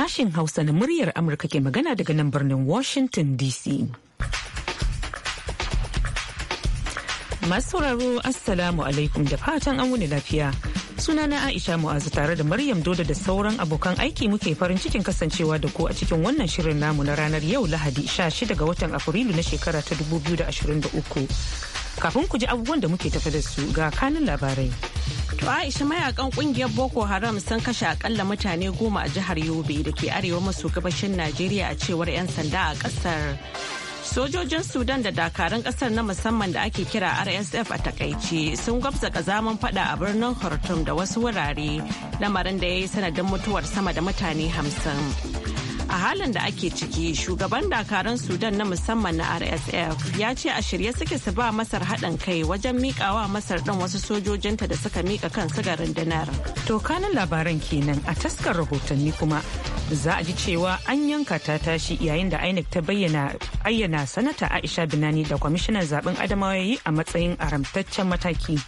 Sashen Hausa na muryar Amurka ke magana daga nan birnin Washington DC. Masu sauraro Assalamu alaikum da fatan an wuni lafiya. Sunana Aisha Mu'azu tare da Maryam Dodo da sauran abokan aiki muke farin cikin kasancewa da ku a cikin wannan shirin namu na ranar yau Lahadi 16 ga watan Afrilu na shekara ta 2023. Kafin ku ji abubuwan da muke tafi da su ga kanin labarai. To Aisha mayakan kungiyar Boko Haram sun kashe akalla mutane goma a jihar Yobe da ke arewa maso gabashin Najeriya a cewar 'yan sanda a kasar. Sojojin Sudan da dakarun kasar na musamman da ake kira RSF a takaice sun gwabza kazaman fada a birnin Khartoum da wasu wurare lamarin da ya yi sanadin mutuwar sama da mutane hamsin. a halin da ake ciki shugaban dakarun sudan na musamman na rsf ya ce a shirye suke su ba masar haɗin kai wajen miƙawa masar ɗin wasu sojojinta da suka miƙa kan ga dinar. to kanin labaran kenan a taskar rahotanni kuma za a ji cewa an yanka ta tashi yayin da inec ta bayyana ayyana sanata aisha binani da kwamishinan zaben adamawa yi a matsayin aramtaccen mataki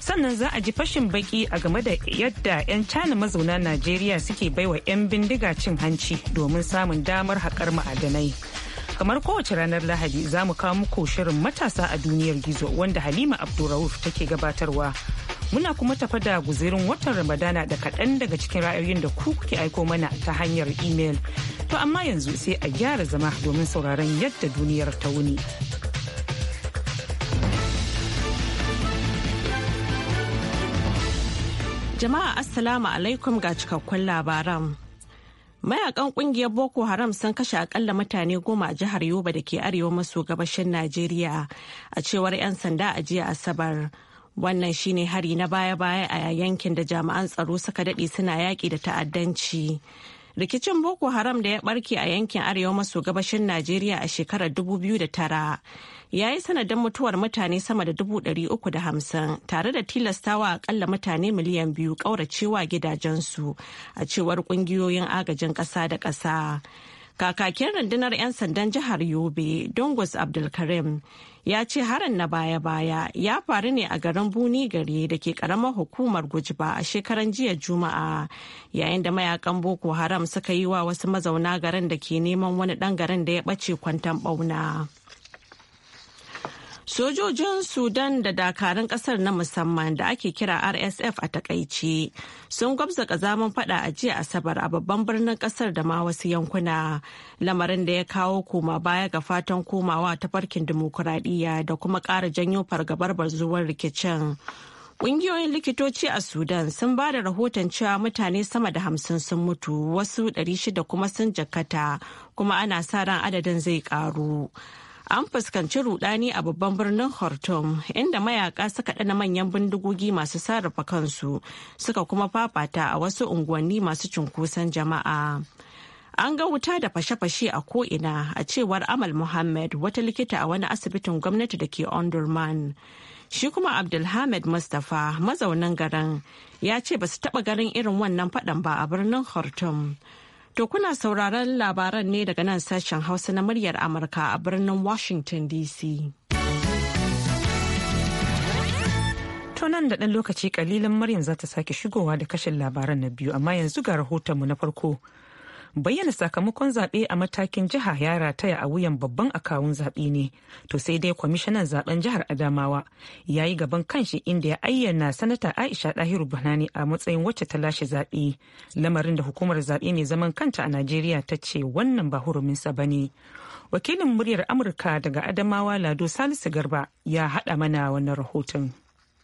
sannan za a ji fashin baki a game da yadda 'yan cana mazauna najeriya suke baiwa 'yan bindiga cin hanci domin samun damar haƙar ma'adanai kamar kowace ranar lahadi za mu kawo muku shirin matasa a duniyar gizo wanda halima abdulrahuf take gabatarwa Muna kuma tafa da guzirin watan Ramadana da kaɗan daga cikin ra'ayoyin da ku kuke aiko mana ta hanyar imel. To amma yanzu sai a gyara zama domin sauraron yadda duniyar ta wuni. Jama'a Assalamu alaikum ga cikakkun labaran. Mayakan kungiyar Boko Haram sun kashe akalla mutane goma a jihar Yoba da ke arewa maso gabashin Najeriya a cewar 'yan sanda a jiya Asabar. Wannan shine hari na baya-baya a yankin da jami'an tsaro suka daɗe suna yaƙi da ta'addanci. Rikicin Boko Haram da ya barke a yankin arewa maso gabashin Najeriya a shekarar dubu biyu 2009 ya yi sanadin mutuwar mutane sama da dubu uku da hamsin. tare da tilastawa akalla mutane miliyan biyu ƙauracewa gidajensu a cewar ƙungiyoyin agajin ƙasa da ƙasa. Kakakin rundunar 'yan sandan jihar Yobe, Dongus Abdulkarim, ya ce harin na baya-baya ya faru ne a garin buni gari da ke karamar hukumar gujiba a shekaran jiya juma'a yayin da mayakan boko haram suka yi wa wasu mazauna garin da ke neman wani dan garin da ya ɓace kwantan ɓauna. Sojojin Sudan da dakarun kasar na musamman da ake kira RSF a takaice sun gwabza kazamin fada a jiya Asabar a babban birnin kasar da ma wasu yankuna lamarin da ya kawo koma baya ga fatan komawa ta farkin dimokuraɗiyya da kuma ƙara janyo fargabar barzuwar rikicin. Ƙungiyoyin likitoci a Sudan sun ba da rahoton cewa mutane sama da hamsin sun mutu wasu 600 kuma sun jakata kuma ana sa ran adadin zai ƙaru. an fuskanci rudani a babban birnin Khartoum inda mayaka suka ɗana manyan bindigogi masu sarrafa kansu suka kuma fafata a wasu unguwanni masu cunkoson jama'a. An ga wuta da fashe-fashe a ko'ina a cewar Amal Mohammed wata likita a wani asibitin gwamnati da ke Ondurman. Shi kuma Abdulhamid Mustapha mazaunin garin ya ce ba su taɓa garin irin wannan faɗan ba a birnin Khartoum. To kuna sauraron labaran ne daga nan sashen Hausa na muryar Amurka a birnin Washington DC. To nan da ɗan lokaci kalilin muryar za ta sake shigowa da kashin labaran na biyu amma yanzu ga rahotonmu na farko bayyana sakamakon zaɓe a matakin jiha ya rataya a wuyan babban akawun zaɓe ne to sai dai kwamishinan zaben jihar adamawa ya yi gaban kanshi inda ya ayyana sanata aisha dahiru banani a matsayin wacce ta lashe zaɓe lamarin da hukumar zaɓe mai zaman kanta a najeriya ta ce wannan ba huruminsa ba ne wakilin muryar amurka daga adamawa lado salisu garba ya haɗa mana wannan rahoton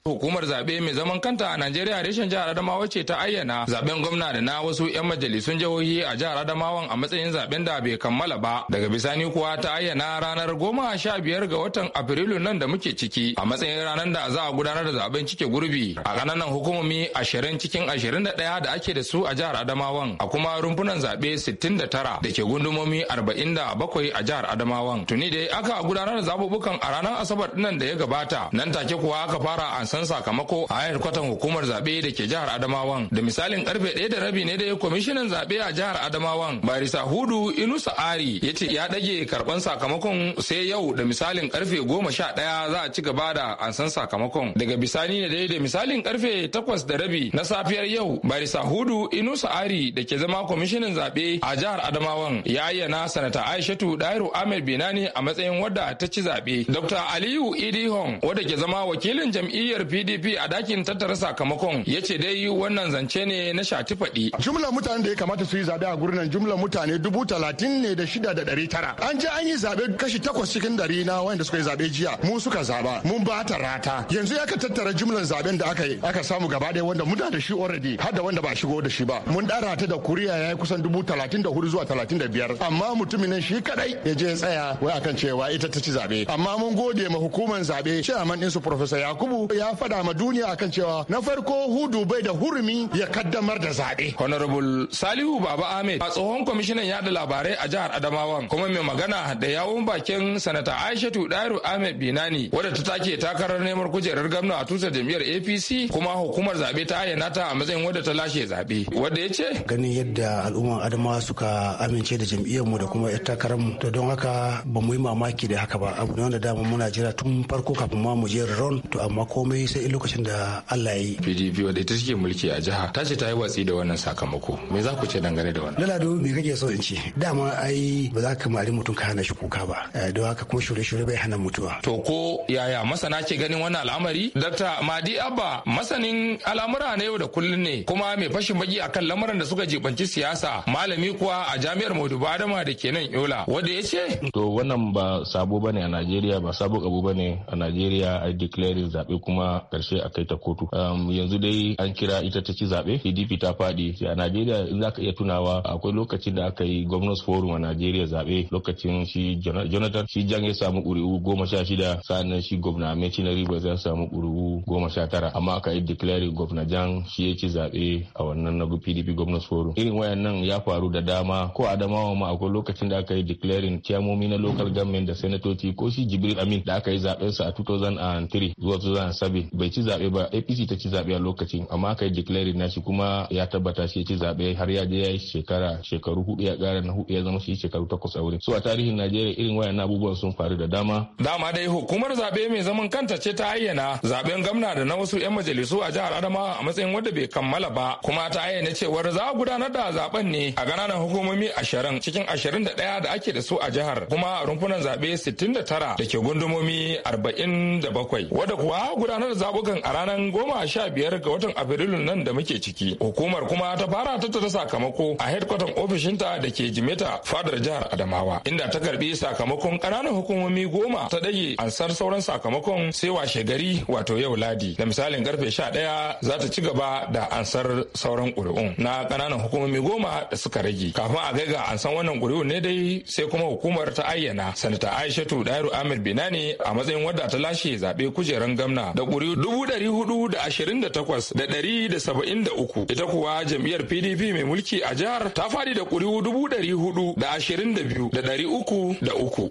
Hukumar zaɓe mai zaman kanta a Najeriya reshen jihar Adamawa ce ta ayyana zaben gwamna da na wasu 'yan majalisun jihohi a jihar Adamawa a matsayin zaben da bai kammala ba. Daga bisani kuwa ta ayyana ranar goma sha biyar ga watan Afrilu nan da muke ciki a matsayin ranar da za a gudanar da zaben cike gurbi a kananan hukumomi ashirin cikin ashirin da ɗaya da ake da su a jihar Adamawan a kuma rumfunan zaɓe sittin da tara da ke gundumomi arba'in da bakwai a jihar Adamawan. Tuni dai aka gudanar da zaɓuɓɓukan a ranar Asabar nan da ya gabata nan take kuwa aka fara ansan san sakamako a hukumar zaɓe da ke jihar Adamawan. Da misalin karfe ɗaya da rabi ne da kwamishinan zaɓe a jihar Adamawan Barisa Hudu Inusa Ari ya ce ya ɗage karɓan sakamakon sai yau da misalin karfe goma sha ɗaya za a ci gaba da ansan sakamakon. Daga bisani ne dai da misalin karfe takwas da rabi na safiyar yau Barisa Hudu Inusa Ari da ke zama kwamishinan zaɓe a jihar Adamawan ya ayyana sanata Aishatu Dairu Ahmed Binani a matsayin wadda ta ci zaɓe. Dr. Aliyu Idihon wadda ke zama wakilin jam'iyyar pdp a dakin tattara sakamakon ya ce dai wannan zance ne na shati faɗi jumlar mutanen da ya kamata su yi zaɓe a gurin nan jumlar mutane dubu talatin ne da shida da ɗari tara an je an yi zaɓe kashi takwas cikin ɗari na wanda suka yi zaɓe jiya mu suka zaɓa mun ba ta rata yanzu ya ka tattara jumlar zaɓen da aka yi aka samu gaba ɗaya wanda muna da shi already har da wanda ba shigo da shi ba mun ɗara ta da kuriya ya yi kusan dubu talatin da hudu zuwa talatin da biyar amma mutumin nan shi kaɗai ya je tsaya wai akan cewa ita ta ci zaɓe amma mun gode ma hukumar zaɓe chairman ɗinsu professor yakubu ya faɗa ma duniya akan cewa na farko hudu bai da hurumi ya kaddamar da zaɓe. honorable salihu baba ahmed a tsohon kwamishinan yada labarai a jihar adamawa kuma mai magana da yawon bakin sanata aishatu dairu ahmed binani wadda ta take takarar neman kujerar gwamna a tutar jam'iyyar apc kuma hukumar zaɓe ta ayyana ta a matsayin wadda ta lashe zaɓe wadda ya ce ganin yadda al'ummar adamawa suka amince da jam'iyyarmu da kuma yar takararmu to don haka ba mu yi mamaki da haka ba abu ne wanda dama muna jira tun farko kafin ma mu je ron to amma komai wai sai lokacin da Allah ya yi. PDP wadda ita take mulki a jiha ta ce ta yi watsi da wannan sakamako. Me za ku ce dangane da wannan? Lalado me kake so in ce? Dama ai ba za ka mari mutum ka hana shi kuka ba. Eh, don haka kuma shure-shure bai hana mutuwa. To ko yaya masana ke ganin wannan al'amari? Dr. Madi Abba masanin al'amura na yau da kullun ne kuma mai fashin baki akan lamuran da suka jibanci siyasa malami kuwa a jami'ar Maudu Adama da ke nan Yola wanda ya ce. To wannan ba sabo bane a Najeriya ba sabo abu bane a Najeriya a declaring zaɓe kuma karshe a kai ta kotu um, yanzu dai an kira ita ta ci zaɓe pdp ta faɗi a najeriya in za ka iya tunawa akwai lokacin da aka yi gwamnati forum a najeriya zaɓe lokacin shi jonathan shi jan ya samu ƙuri'u goma sha shida sa'annan shi gwamna mai na rivers ya samu ƙuri'u goma sha tara amma aka yi declaring gwamna jan shi ya ci zaɓe a wannan na pdp gwamnati forum irin wayannan ya faru da dama ko adamawa ma akwai lokacin da aka yi declaring chairmomi na local government da senatoci ko shi jibril amin da aka yi zaɓensa a 2003 zuwa 2007 Garbin bai ci zaɓe ba APC ta ci zaɓe a lokacin amma aka yi na nashi kuma ya tabbata shi ya ci zaɓe har ya je ya yi shekara shekaru hudu ya ƙara na hudu ya zama shi shekaru takwas a wurin. So a tarihin Najeriya irin wayannan abubuwan sun faru da dama. Dama dai hukumar zaɓe mai zaman kanta ce ta ayyana zaɓen gwamna da na wasu 'yan majalisu a jihar Adamawa a matsayin wanda bai kammala ba kuma ta ayyana cewar za a gudanar da zaɓen ne a ƙananan hukumomi ashirin cikin ashirin da ɗaya da ake da su a jihar kuma rumfunan zaɓe sittin da tara da ke gundumomi arba'in da bakwai wadda kuwa gudanar gudanar zabukan a ranar goma sha biyar ga watan Afrilun nan da muke ciki. Hukumar kuma ta fara tattara sakamako a hedkwatan ofishinta da ke Jimeta fadar jihar Adamawa inda ta karbi sakamakon ƙananan hukumomi goma ta dage ansar sauran sakamakon sai washe gari wato yau ladi da misalin karfe sha ɗaya za ta ci gaba da ansar sauran ƙuri'un na ƙananan hukumomi goma da suka rage. Kafin a ga ansan wannan ƙuri'un ne dai sai kuma hukumar ta ayyana sanata Aishatu Dairu Ahmed Binani a matsayin wadda ta lashe zaɓe kujerar gamna da kuri'u dubu ɗari hudu da ashirin da takwas da ɗari da saba'in da uku ita kuwa jam'iyyar pdp mai mulki a jihar ta fadi da kuri'u dubu ɗari hudu da ashirin da biyu da ɗari uku da uku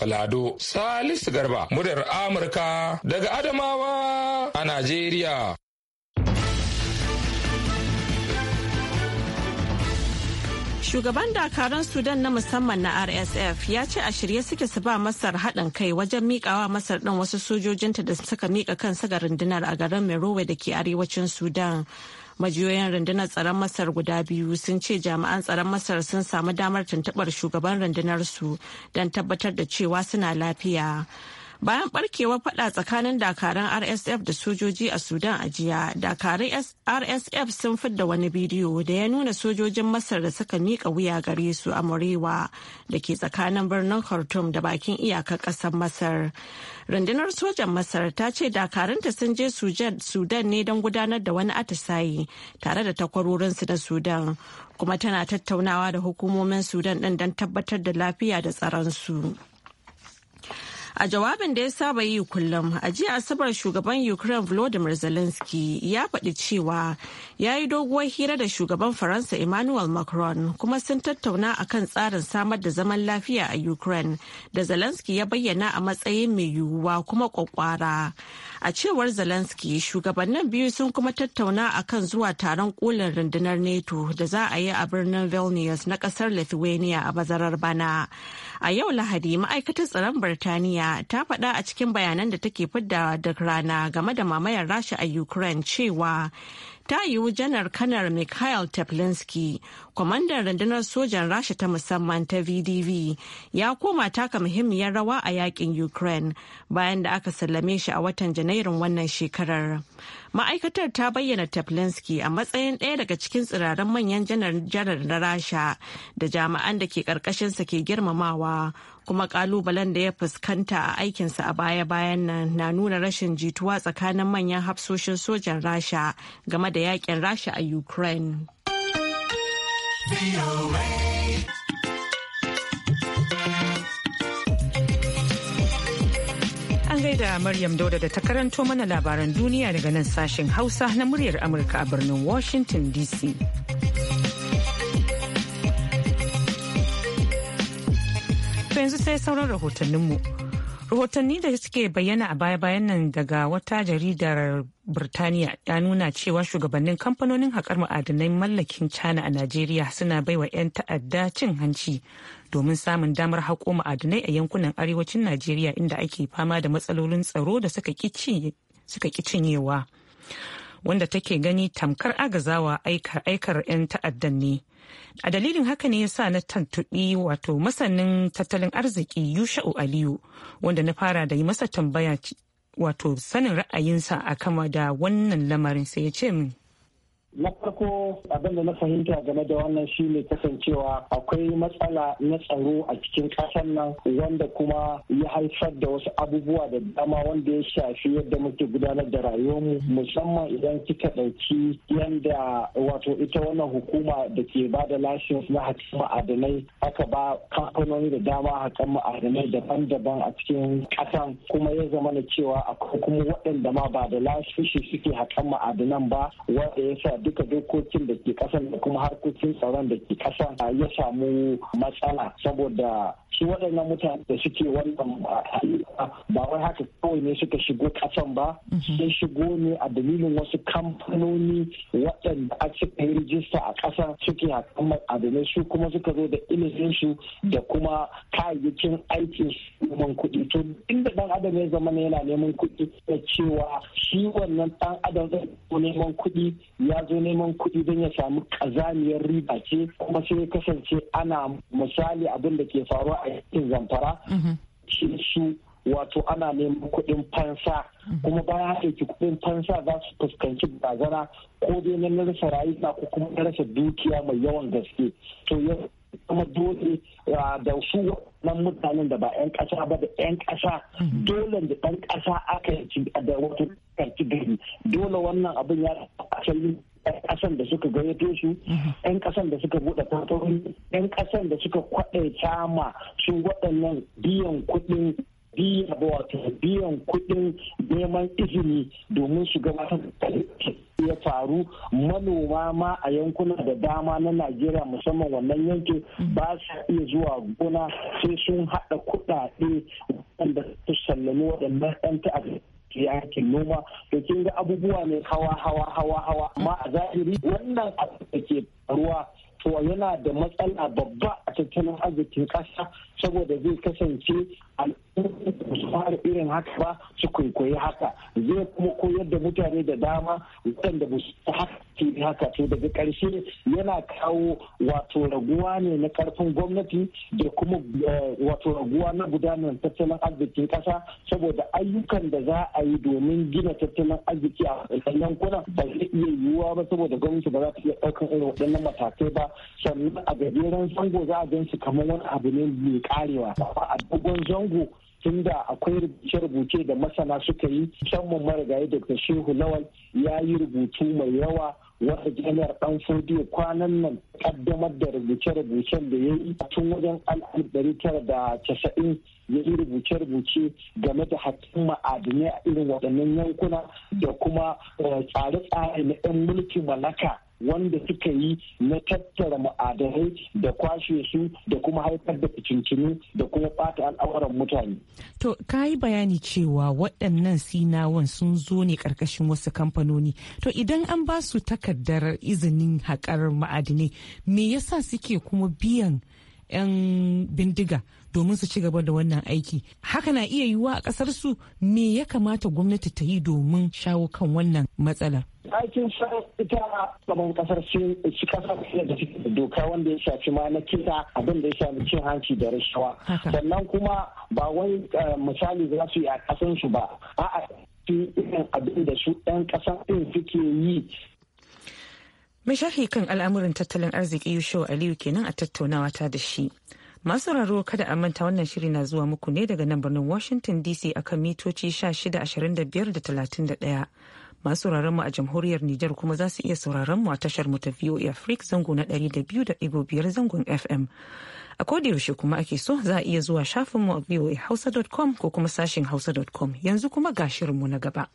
salisu garba muryar amurka daga adamawa a najeriya Shugaban dakaran Sudan na musamman na RSF ya ce a shirye suke su ba Masar haɗin kai wajen miƙawa Masar ɗin wasu sojojinta da suka miƙa kansu ga rundunar a garin Merowe da ke arewacin Sudan. Majiyoyin rundunar tsaron Masar guda biyu sun ce jami'an tsaron Masar sun samu damar tuntuɓar shugaban rundunar su don tabbatar da cewa suna lafiya. bayan barkewar fada tsakanin dakaran rsf da sojoji a sudan a jiya dakarun rsf sun fidda wani bidiyo da ya nuna sojojin masar da suka mika wuya gare su a morewa da ke tsakanin birnin khartoum da bakin iyakar ƙasar masar rundunar sojan masar ta ce dakarunta sun je sudan ne don gudanar da wani atisaye tare da takwarorinsu na sudan kuma tana tattaunawa da hukumomin sudan ɗin don tabbatar da lafiya da tsaron su. A jawabin da ya saba yi kullum, a jiya Asabar shugaban Ukraine Volodymyr Zelensky ya faɗi cewa ya yi doguwar hira da shugaban Faransa Emmanuel Macron kuma sun tattauna akan tsarin samar da zaman lafiya a Ukraine da Zelensky ya bayyana a matsayin mai yiwuwa kuma kwakwara. A cewar Zelensky, shugabannin biyu sun kuma tattauna a kan zuwa taron kolin rundunar NATO da za a yi a birnin Vilnius na kasar Lithuania a bazarar bana. A yau Lahadi, ma'aikatar tsaron Birtaniya ta faɗa a cikin bayanan da take fidda duk rana game da mamayar Rasha a Ukraine cewa ta yiwu janar kanar Mikhail Teplinski, kwamandan rundunar sojan Rasha ta musamman ta VDV, ya koma taka muhimmiyar rawa a yakin Ukraine bayan da aka sallame shi a watan Janairun wannan shekarar. ma'aikatar ta bayyana taplinski a matsayin ɗaya daga cikin tsiraran manyan janar na rasha da jami'an da ke ƙarƙashinsa ke girmamawa kuma ƙalubalen da ya fuskanta a aikinsa a baya-bayan nan na nuna rashin jituwa tsakanin manyan hafsoshin sojan rasha game da yakin rasha a ukraine. sai da Maryam Dauda da ta karanto mana labaran duniya daga nan sashen Hausa na muryar Amurka a birnin Washington DC. yanzu sai sauran rahotanninmu. Rahotanni da suke bayyana a baya-bayan nan daga wata jaridar Birtaniya ya nuna cewa shugabannin kamfanonin haƙar ma'adanai mallakin China a Najeriya suna baiwa 'yan ta'adda cin hanci domin samun damar haƙo ma'adinai a yankunan arewacin najeriya inda ake fama da matsalolin tsaro da suka ƙi cinyewa wanda take gani tamkar agazawa aikar 'yan ta'addan ne a dalilin haka ne yasa na tantubi wato masanin tattalin arziki yusha'u aliyu wanda na fara da yi masa tambaya wato sanin ra'ayinsa a kama da wannan lamarin sai ya ce min na farko abin da na fahimta game da wannan shine kasancewa akwai matsala na tsaro a cikin kasan nan wanda kuma ya haifar da wasu abubuwa da dama wanda ya shafi yadda muke gudanar da rayuwarmu musamman idan kika ɗauki yadda wato ita wannan hukuma da ke ba da lashin na hakan ma'adanai aka ba kamfanoni da dama hakan ma'adanai daban-daban a cikin kasan kuma ya zama na cewa akwai kuma waɗanda ma ba da lashin suke hakan ma'adanan ba wanda ya sa duka dokokin da ke kasan da kuma harkokin tsaron da ke ƙasa ya samu matsala saboda shi waɗannan mutane da suke wannan ba wai haka kawai ne suka shigo kasan ba mhm. sun shigo ne a dalilin wasu kamfanoni waɗanda a cikin yi rijista a ƙasa suke hakan ne su kuma suka zo da ilimin su da kuma kayayyakin aikin neman kuɗi to inda ɗan adam ya zama ne yana neman kuɗi da cewa shi wannan ɗan adam zai neman kuɗi ya zo neman kuɗi don ya samu ƙazamiyar riba ce kuma sai kasance ana misali abin da ke faruwa a zamfara mhm. shi su wato ana neman kuɗin fansa mhm. kuma bayan ɗauki kuɗin fansa za su fuskanci bazara ko dai na rasa rayuka ko kuma na rasa dukiya mai yawan gaske to yau kuma dole da su nan mutanen da ba 'yan ƙasa ba da 'yan ƙasa mhm. dole da ɗan ƙasa aka yi da wato gari dole wannan abin ya asali 'yan kasan da suka gayyato su mhm. 'yan kasan da suka buɗe kamfanoni 'yan kasan da suka kwaɗe cama su waɗannan biyan kuɗin biyan kuɗin neman izini domin su gabatar da ya faru manoma ma a yankuna da dama na najeriya musamman wannan yanki mhm. ba su iya zuwa gona sai sun haɗa kuɗaɗe wanda su sallami waɗannan 'yan ta'adda yi aikin noma to kin ga abubuwa ne hawa hawa hawa hawa amma a zahiri wannan abu da ke faruwa to yana da matsala babba a tattalin arzikin ƙasa saboda zai kasance su fara irin haka ba su kwaikwayi haka zai kuma koyar da mutane da dama waɗanda ba su haka ke haka to daga ƙarshe yana kawo wato raguwa ne na ƙarfin gwamnati da kuma eh, wato raguwa na gudanar tattalin arzikin ƙasa saboda ayyukan da za a yi domin gina tattalin arziki a yankunan ba zai iya yiwuwa ba saboda gwamnati ba za ta iya ɗaukan irin waɗannan matakai ba sannan a gajeren zango za a gan su kamar wani abu ne mai karewa a dogon zango tun da akwai rubuce-rubuce da masana suka yi musamman marigayi da shehu lawal ya yi rubutu mai yawa wata jami'ar dan fodiyo kwanan nan kaddamar da rubuce-rubucen da ya yi tun wajen al'alif da casa'in ya yi rubuce-rubuce game da hakkin ma'adinai a irin waɗannan yankuna da kuma eh, tsare-tsare na 'yan mulkin mallaka wanda suka yi na tattara ma'adanai da kwashe su da kuma haifar da ficincinu da kuma bata al'amuran mutane. To, ka yi bayani cewa waɗannan sinawan sun zo ne ƙarƙashin wasu kamfanoni. To, idan an ba su takardar izinin haƙar ma'adinai, me yasa suke kuma biyan 'yan bindiga domin su ci gaba da wannan aiki haka na iya yiwuwa a kasar su me ya kamata gwamnati ta yi domin shawo kan wannan matsala. aikin sa ita gaban kasar sun ci kasar da doka wanda ya shafi ma na kisa abin da ya shafi cin hanci da rashawa sannan kuma ba wani eh, misali za su yi a kasan su ba a'a irin abin da su 'yan kasa ɗin suke yi Mai sharhi kan al'amuran tattalin arziki Yusho Aliyu kenan a tattaunawa ta da shi. Masu raro kada a manta wannan shiri na zuwa muku ne daga nan birnin Washington DC a kan mitoci 1625 da 31. Masu mu a jamhuriyar Nijar kuma za su iya sauraron mu a tashar mu ta VOA Africa zango na 200.5 zangon FM. A yaushe kuma ake so za a iya zuwa shafin mu a voahausa.com ko kuma sashin hausa.com yanzu kuma ga shirinmu na gaba.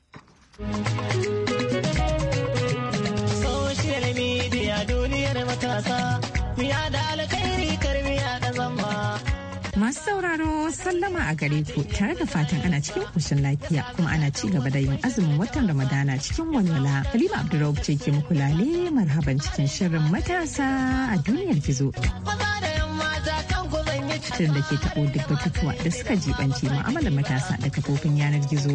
masu sauraro sallama a gare ku tare da fatan ana cikin kushin lafiya kuma ana ci gaba da yin azumin watan ramadana cikin walwala halima abdurraub ce ke muku lale marhaban cikin shirin matasa a duniyar gizo shirin da ke taɓo duk batutuwa da suka jibanci ma'amalar matasa da kafofin yanar gizo.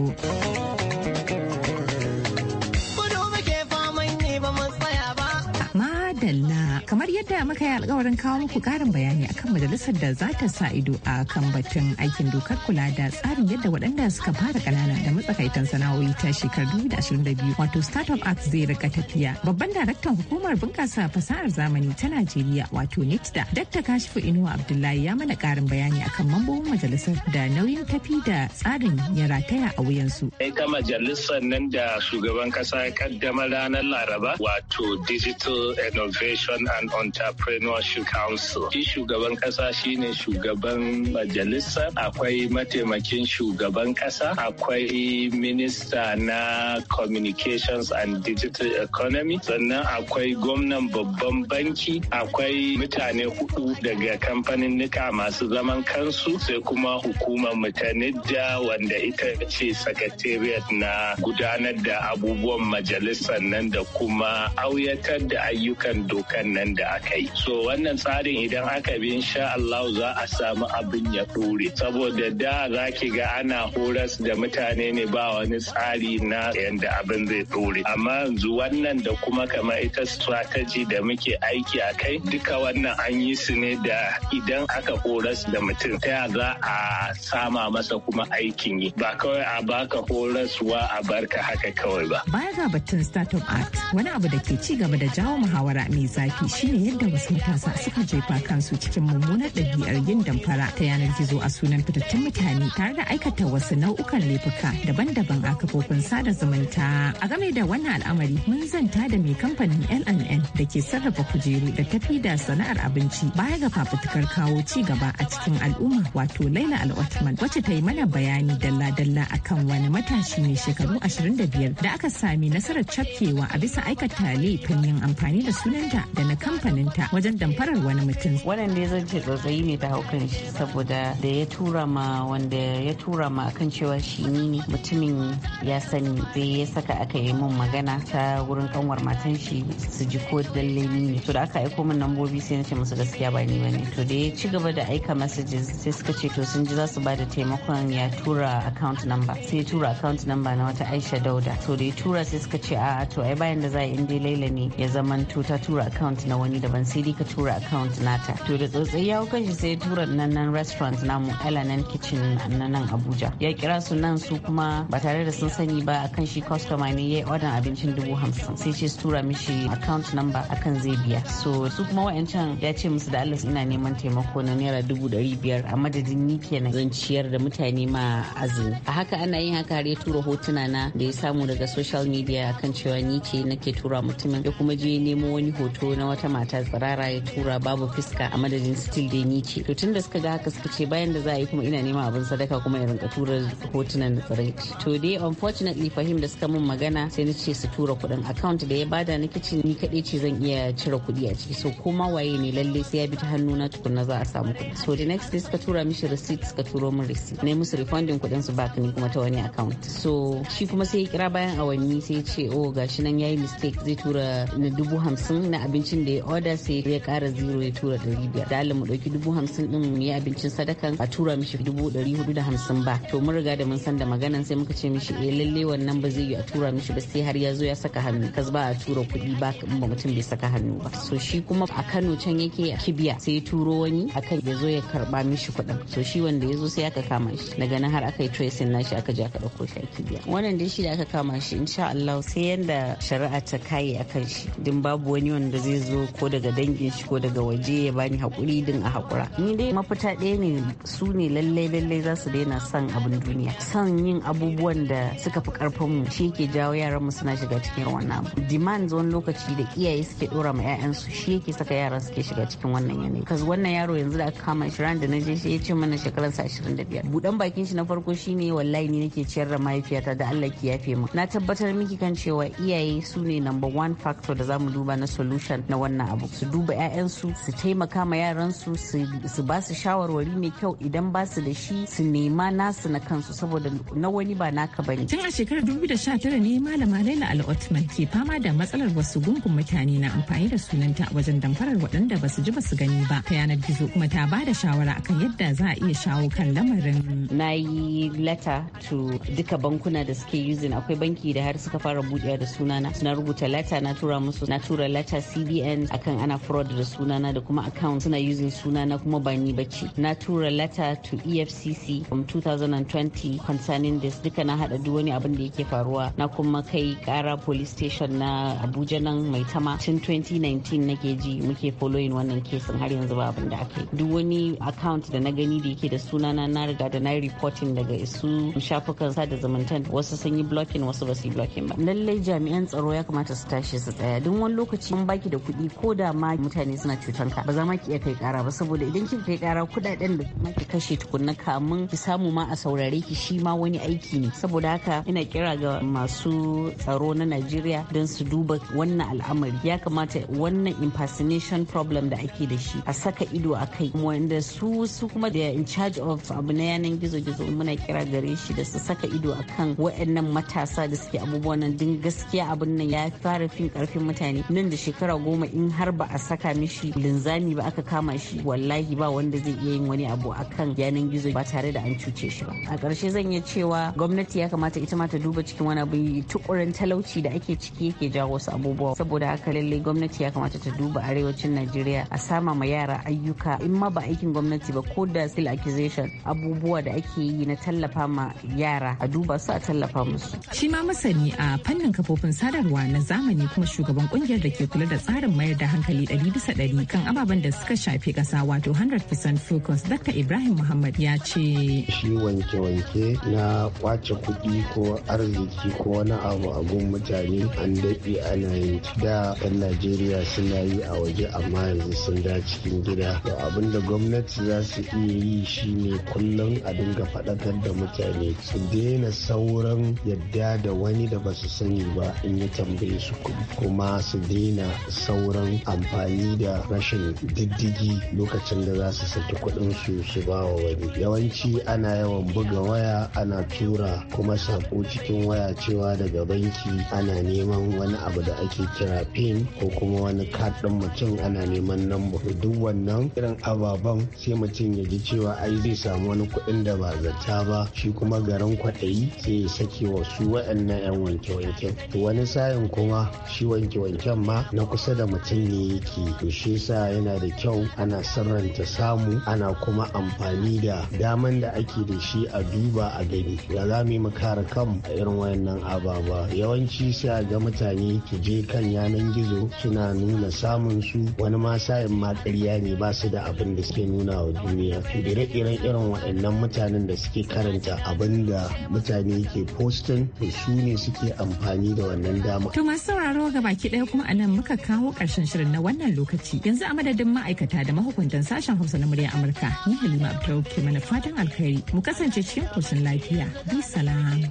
muka yi alkawarin kawo muku karin bayani akan majalisar da za ta sa ido a kan batun aikin dokar kula da tsarin yadda waɗanda suka fara kanana da matsakaitan sana'o'i ta shekaru 2022 wato startup act zai rika tafiya. Babban daraktan hukumar bunƙasa fasahar zamani ta Najeriya wato NITDA Dr. Kashifu Inuwa Abdullahi ya mana karin bayani akan mambobin majalisar da nauyin tafi da tsarin ya rataya a wuyansu. Ita majalisar nan da shugaban kasa ya kaddama ranar Laraba wato Digital Innovation and Entrepreneurship entrepreneurship council shi shugaban kasa shine shugaban majalisa akwai mataimakin shugaban kasa akwai minista na communications and digital economy sannan akwai gwamnan babban banki akwai mutane hudu daga kamfanin nika masu zaman kansu sai kuma hukumar mutanidda wanda ita ce secretariat na gudanar da abubuwan majalisa nan da kuma auyatar da ayyukan dokan nan da aka yi so wannan tsarin idan aka bi insha Allah za a samu abin ya dore saboda da za ki ga ana horas da mutane ne ba wani tsari na yadda abin zai dore amma yanzu wannan da kuma kamar ita strategy da muke aiki a kai duka wannan an yi su ne da idan aka horas da mutum ta ya za a sama masa kuma aikin yi ba kawai a baka horaswa a barka haka kawai ba baya ga batun startup Art wani abu da ke ci gaba da jawo muhawara mai zafi shine yadda wasu matasa suka jefa kansu cikin mummunar ɗabi'ar yin damfara ta yanar gizo a sunan fitattun mutane tare da aikata wasu nau'ukan laifuka daban-daban a kafofin sada zumunta. A game da wannan al'amari mun zanta da mai kamfanin LNN da ke sarrafa kujeru da tafi da sana'ar abinci baya ga fafutukar kawo ci gaba a cikin al'umma wato Laila al wacce ta yi mana bayani dalla-dalla akan wani matashi mai shekaru ashirin da biyar. da aka sami nasarar cafkewa a bisa aikata laifin yin amfani da sunanta da na kamfaninta wajen damfarar wani mutum. Wannan ne zan ce tsatsayi ne ta haukan shi saboda da ya tura ma wanda ya tura ma akan cewa shi ni ne mutumin ya sani sai ya saka aka yi min magana ta wurin kanwar matan shi su ji ko dalle ni ne. To da aka aiko min lambobi sai na ce musu gaskiya ba ni ba ne. To da ya ci gaba da aika messages sai suka ce to sun ji za su ba da taimakon ya tura account number sai ya tura account number na wata Aisha Dauda. To da ya tura sai suka ce a'a to ai bayan da za a yi inda Laila ne ya zamanto ta tura account na wani daban asiri ka tura account nata to da tsotsai ya kan shi sai tura nan nan restaurant namu alanan kitchen na nan abuja ya kira su nan su kuma ba tare da sun sani ba akan shi customer ne ya yi order abincin dubu hamsin sai ce su tura mishi account number akan zai biya so su kuma wa'ancan ya ce musu da allah ina neman taimako na naira dubu dari biyar a madadin ni kenan zan ciyar da mutane ma azumi a haka ana yin haka har ya tura hotuna na da ya samu daga social media akan cewa ni nake tura mutumin ya kuma je nemo wani hoto na wata mata tsara tsirara ya tura babu fiska a madadin still dai ni ce to tun da suka ga haka suka ce bayan da za a yi kuma ina neman abin sadaka kuma irin ka tura hotunan da tsare. to dai unfortunately fahim da suka min magana sai na ce su tura kuɗin account da ya bada na kicin ni kaɗai ce zan iya cire kuɗi a ciki so ma waye ne lalle sai ya bi ta hannu na tukunna za a samu kuɗi so the next day suka tura mishi receipt suka turo min receipt na musu refunding kuɗin su back ni kuma ta wani account so shi kuma sai ya kira bayan awanni sai ya ce oh gashi nan ya yi mistake zai tura na dubu hamsin na abincin da ya order sai zai ya kara zero ya tura ɗari biyar da mu dauki dubu hamsin ɗin mu yi abincin sadakan a tura mishi dubu ɗari hudu da hamsin ba to mun riga da mun san da maganan sai muka ce mishi eh lalle wannan ba zai yi a tura mishi ba sai har ya zo ya saka hannu kas ba a tura kuɗi ba ba mutum bai saka hannu ba so shi kuma a Kano can yake a kibiya sai ya turo wani akan ya zo ya karba mishi kuɗin so shi wanda ya zo sai aka kama shi daga nan har aka yi tracing nashi aka je aka ɗauko shi a kibiya wannan dai shi da aka kama shi insha Allah sai yanda shari'a ta kaye akan shi din babu wani wanda zai zo ko daga dangin shi ko daga waje ya bani hakuri din a hakura. ni dai mafita ɗaya ne su ne lalle lalle za su daina son abin duniya son yin abubuwan da suka fi karfin mu shi yake jawo yaran mu suna shiga cikin wannan abu demand wani lokaci da iyaye suke dora ma ƴaƴan su shi yake saka yaran suke shiga cikin wannan yanayi kaz wannan yaro yanzu da aka kama shi ran da naje shi ya ce mana shekaran sa 25 budan bakin shi na farko shine wallahi ni nake ciyar da mahaifiyata da Allah ki yafe mu na tabbatar miki kan cewa iyaye su ne number one factor da zamu duba na solution na wannan abu su duba 'ya'yansu su taimaka ma yaransu su ba su shawarwari mai kyau idan ba su da shi su nema nasu na kansu saboda na wani ba naka bane. Tun a shekarar 2019 ne malama Laila al'otman ke fama da matsalar wasu gungun mutane na amfani da sunanta wajen damfarar waɗanda ba su ji ba su gani ba ta yanar gizo kuma ta ba da shawara akan yadda za a iya shawo kan lamarin. Na yi lata to duka bankuna da suke using akwai banki da har suka fara buɗewa da sunana. Na rubuta lata na tura musu na tura lata CBN akan ana suna fraud da sunana da kuma account suna using sunana kuma ba ni bacci na tura letter to EFCC from 2020 concerning this duka na hada duk wani abin da yake faruwa na kuma kai kara police station na Abuja nan mai tama tun 2019 nake ji muke following wannan kesin har yanzu ba abin da aka yi duk wani account da na gani da yake da sunana na riga da na reporting daga su shafukan sada zumunta wasu sun yi blocking wasu ba su yi blocking ba lallai jami'an tsaro ya kamata su tashi su tsaya don wani lokaci an baki da kuɗi ko da ma ma mutane suna cutan ka ba za ma ki iya kai kara ba saboda idan kin kai kara kudaden da ma ki kashe tukunna kamun ki samu ma a saurare ki shi ma wani aiki ne saboda haka ina kira ga masu tsaro na Najeriya don su duba wannan al'amari ya kamata wannan impersonation problem da ake da shi a saka ido a kai wanda su su kuma da in charge of abu na yanan gizo gizo muna kira gare shi da su saka ido a kan waɗannan matasa da suke abubuwan nan din gaskiya abin nan ya fara fin karfin mutane nan da shekara goma in har ba a a saka mishi linzami ba aka kama shi wallahi ba wanda zai iya yin wani abu a kan yanan gizo ba tare da an cuce shi ba a ƙarshe zan iya cewa gwamnati ya kamata ita ma ta duba cikin wani abu tukurin talauci da ake ciki yake jawo wasu abubuwa saboda haka lallai gwamnati ya kamata ta duba arewacin najeriya a sama ma yara ayyuka in ma ba aikin gwamnati ba ko da sil acquisition abubuwa da ake yi na tallafa ma yara a duba su a tallafa musu shi ma masani a fannin kafofin sadarwa na zamani kuma shugaban kungiyar da ke kula da tsarin mayar da hankali bisa ɗari kan ababen da suka shafi ƙasa wato 100% focus Dr. Ibrahim Muhammad ya ce. Shi wanke-wanke na kwace kuɗi ko arziki ko wani abu a gun mutane an daɗe ana yin da 'yan Najeriya suna yi a waje amma yanzu sun da cikin gida. To abin da gwamnati za su iya yi shi ne kullum a dinga faɗakar da mutane su daina sauran yadda da wani da ba su sani ba in ya tambaye su kuɗi kuma su daina sauran amfani amfani da rashin diddigi lokacin da za su saki kuɗin su su ba wa wani yawanci ana yawan buga waya ana tura kuma sako cikin waya cewa daga banki ana neman wani abu da ake kira pin ko kuma wani kad ɗin mutum ana neman number. duk wannan irin ababen sai mutum ya ji cewa ai zai samu wani kuɗin da ba zata ba shi kuma garin kwaɗayi sai ya sake wa su waɗannan 'yan wanke-wanken wani sayin kuma shi wanke-wanken ma na kusa da mutum ne aiki to shi yasa yana da kyau ana sarranta samu ana kuma amfani da daman da ake da shi a duba a gani ya za mu yi mu kare a irin wayannan ababa yawanci sai a ga mutane su je kan yanan gizo suna nuna samun su wani ma sa'in ma ƙarya ne ba su da abin da suke nuna wa duniya to ire-iren irin waɗannan mutanen da suke karanta abin da mutane ke postin to su ne suke amfani da wannan dama to masu sauraro ga baki ɗaya kuma anan muka kawo ƙarshen shirin na wannan lokaci. Yanzu a madadin ma'aikata da mahukuntan sashen Hausa na muryar Amurka, ni Halima abdullahi ke mana fatan alkhairi. Mu kasance cikin koshin lafiya. Bi salam.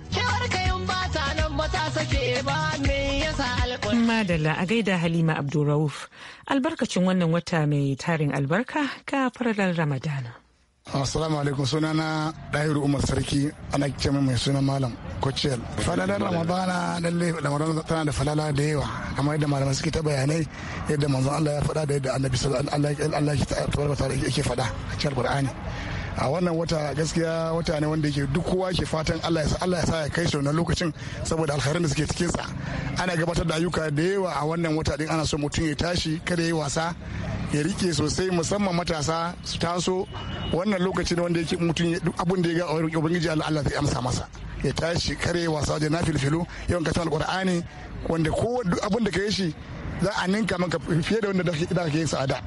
Madalla a gaida Halima Abdulrauf albarkacin wannan wata mai tarin albarka ga faralar Ramadana. Assalamu alaikum sunana Dahiru Umar Sarki ana ce mai suna malam Kocel. Falalar Ramadana lalle Ramadan tana da falala da yawa kamar yadda malamai suke ta bayanai yadda manzon Allah ya faɗa da yadda Annabi sallallahu alaihi wasallam yake faɗa cikin Qur'ani. a wannan wata gaskiya wata ne wanda yake duk kowa ke fatan Allah ya Allah ya sa ya kai shi wannan lokacin saboda alkhairin da suke cikin sa ana gabatar da ayyuka da yawa a wannan wata din ana so mutum ya tashi kada ya yi wasa ya rike sosai musamman matasa su taso wannan lokacin wanda yake mutum abin da ya ga ubangiji Allah zai amsa masa ya tashi kare wasa wajen na filfilo yawan kasan alkur'ani wanda ko duk abin da ka yi shi za a ninka maka fiye da wanda da ka yi sa'ada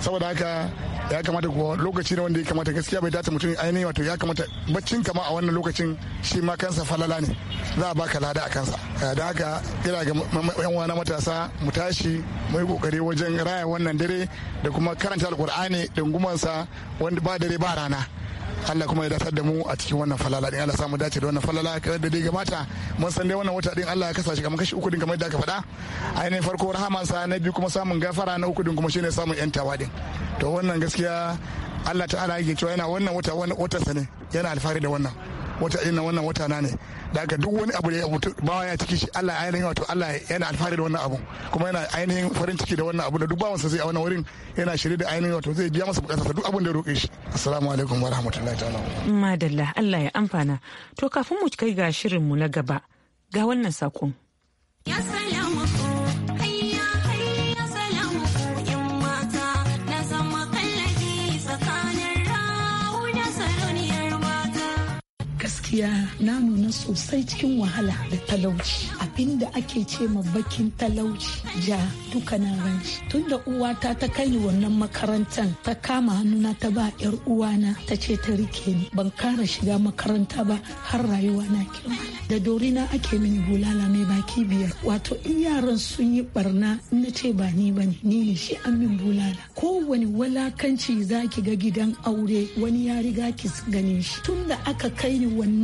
saboda haka ya kamata kuwa lokaci ne wanda ya kamata gaskiya bai dace mutum ainihin wato ya kamata baccin kama a wannan lokacin shi ma kansa falala ne za a baka lada a kansa da haka kira ga yan wana matasa mu tashi mu yi kokari wajen raya wannan dare da kuma karanta alkur'ani dungumansa wanda ba dare ba rana Allah kuma ya dasar da mu a cikin wannan falala din Allah samu dace da wannan falala kamar da dai mata mun san dai wannan wata din Allah ya kasa shi kamar kashi uku din kamar da aka faɗa ainihin farko rahaman sa na biyu kuma samun gafara na uku din kuma shine samun yantawa din to wannan gaskiya Allah ta'ala yake cewa yana wannan wata wata sane yana alfahari da wannan wata ina wannan wata na ne daga duk wani abu da ya mutu ba ya ciki shi Allah ya ainihin wato Allah yana alfahari da wannan abu kuma yana ainihin farin ciki da wannan abu da duk ba wansa zai a wannan wurin yana shirye da ainihin wato zai biya masa bukatarsa duk abin da ya roƙe shi assalamu alaikum wa rahmatullahi ta'ala madalla Allah ya amfana to kafin mu kai ga shirin mu na gaba ga wannan sakon ya gaskiya na nuna sosai cikin wahala da talauci abinda ake ce ma bakin talauci ja duka na ranci tunda uwata ta kai wannan makarantar ta kama hannuna ta ba yar uwana ta ce ta rike ni ban kara shiga makaranta ba har rayuwa na kima da dorina ake mini bulala mai baki biyar wato in yaran sun yi barna na ce ba ni ba ni ne shi an min bulala kowane walakanci zaki ga gidan aure wani ya riga ki ganin shi tunda aka kai ni wannan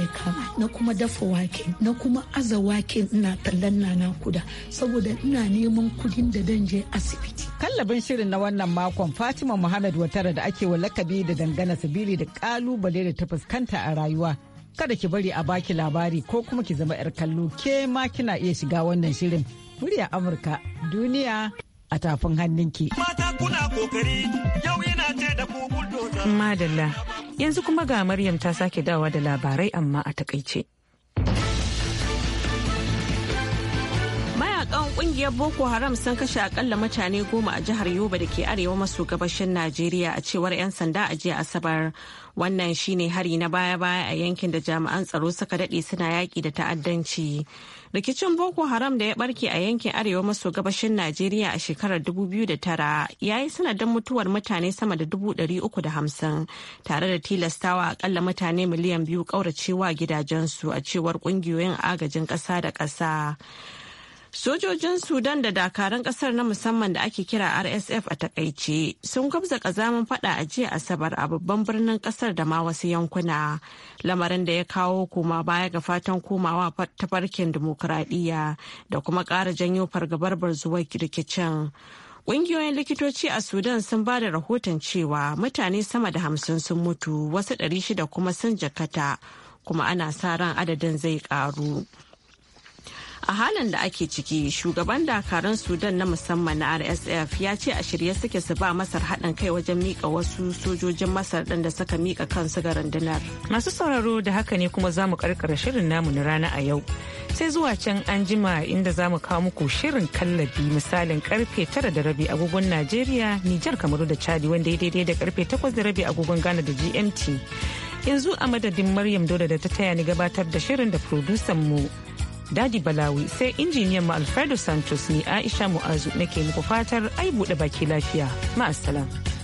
ya na kuma dafa wake na kuma aza wake ina tallan na kuda saboda ina neman kudin da dan je asibiti kallabin shirin na wannan makon fatima muhammad watara da ake wa lakabi da dangana sabili da kalubale da ta fuskanta a rayuwa kada ki bari a baki labari ko kuma ki zama 'yar kallo ke ma kina iya shiga wannan shirin murya amurka duniya a tafin hannunki. Mata kuna kokari yau yana ce da ku Madalla yanzu kuma ga Maryam ta sake dawa da labarai amma a takaice. kungiyar Boko Haram sun kashe akalla mutane goma a jihar Yoba da ke arewa maso gabashin Najeriya a cewar 'yan sanda a jiya Asabar. Wannan shine hari na baya-baya a yankin da jami'an tsaro suka daɗe suna yaƙi da ta'addanci. Rikicin Boko Haram da ya barke a yankin arewa maso gabashin Najeriya a shekarar 2009 ya yi sanadin mutuwar mutane sama da hamsin tare da tilastawa akalla mutane miliyan biyu ƙauracewa gidajensu a cewar ƙungiyoyin agajin ƙasa da ƙasa. Sojojin Sudan da dakaran kasar na musamman da ake kira RSF a takaice sun gabza kazamin fada a jiya Asabar a babban birnin kasar da ma wasu yankuna. Lamarin da ya kawo koma baya ga fatan komawa tafarkin dimokuraɗiyya da kuma ƙara janyo fargabar barzuwar rikicin. Ƙungiyoyin likitoci a Sudan sun ba da rahoton cewa mutane sama da hamsin sun mutu wasu ɗari shida kuma sun jakata kuma ana sa ran adadin zai ƙaru. a halin da ake ciki shugaban dakarun sudan na musamman na rsf ya ce a shirye suke su ba masar haɗin kai wajen mika wasu sojojin masar ɗin da suka mika kansu ga rundunar masu sauraro da haka ne kuma zamu karkara shirin namu na rana a yau sai zuwa can an jima inda zamu kawo muku shirin kallabi misalin karfe tara da rabi agogon najeriya nijar kamaru da chadi wanda ya daidai da karfe takwas da rabi agogon ghana da gmt yanzu a madadin maryam dole da ta taya ni gabatar da shirin da mu Dadi Balawi sai injiniyan mu Alfredo Santos ne Aisha Mu'azu nake muku fatar ai buɗe baki lafiya. Ma'assalam.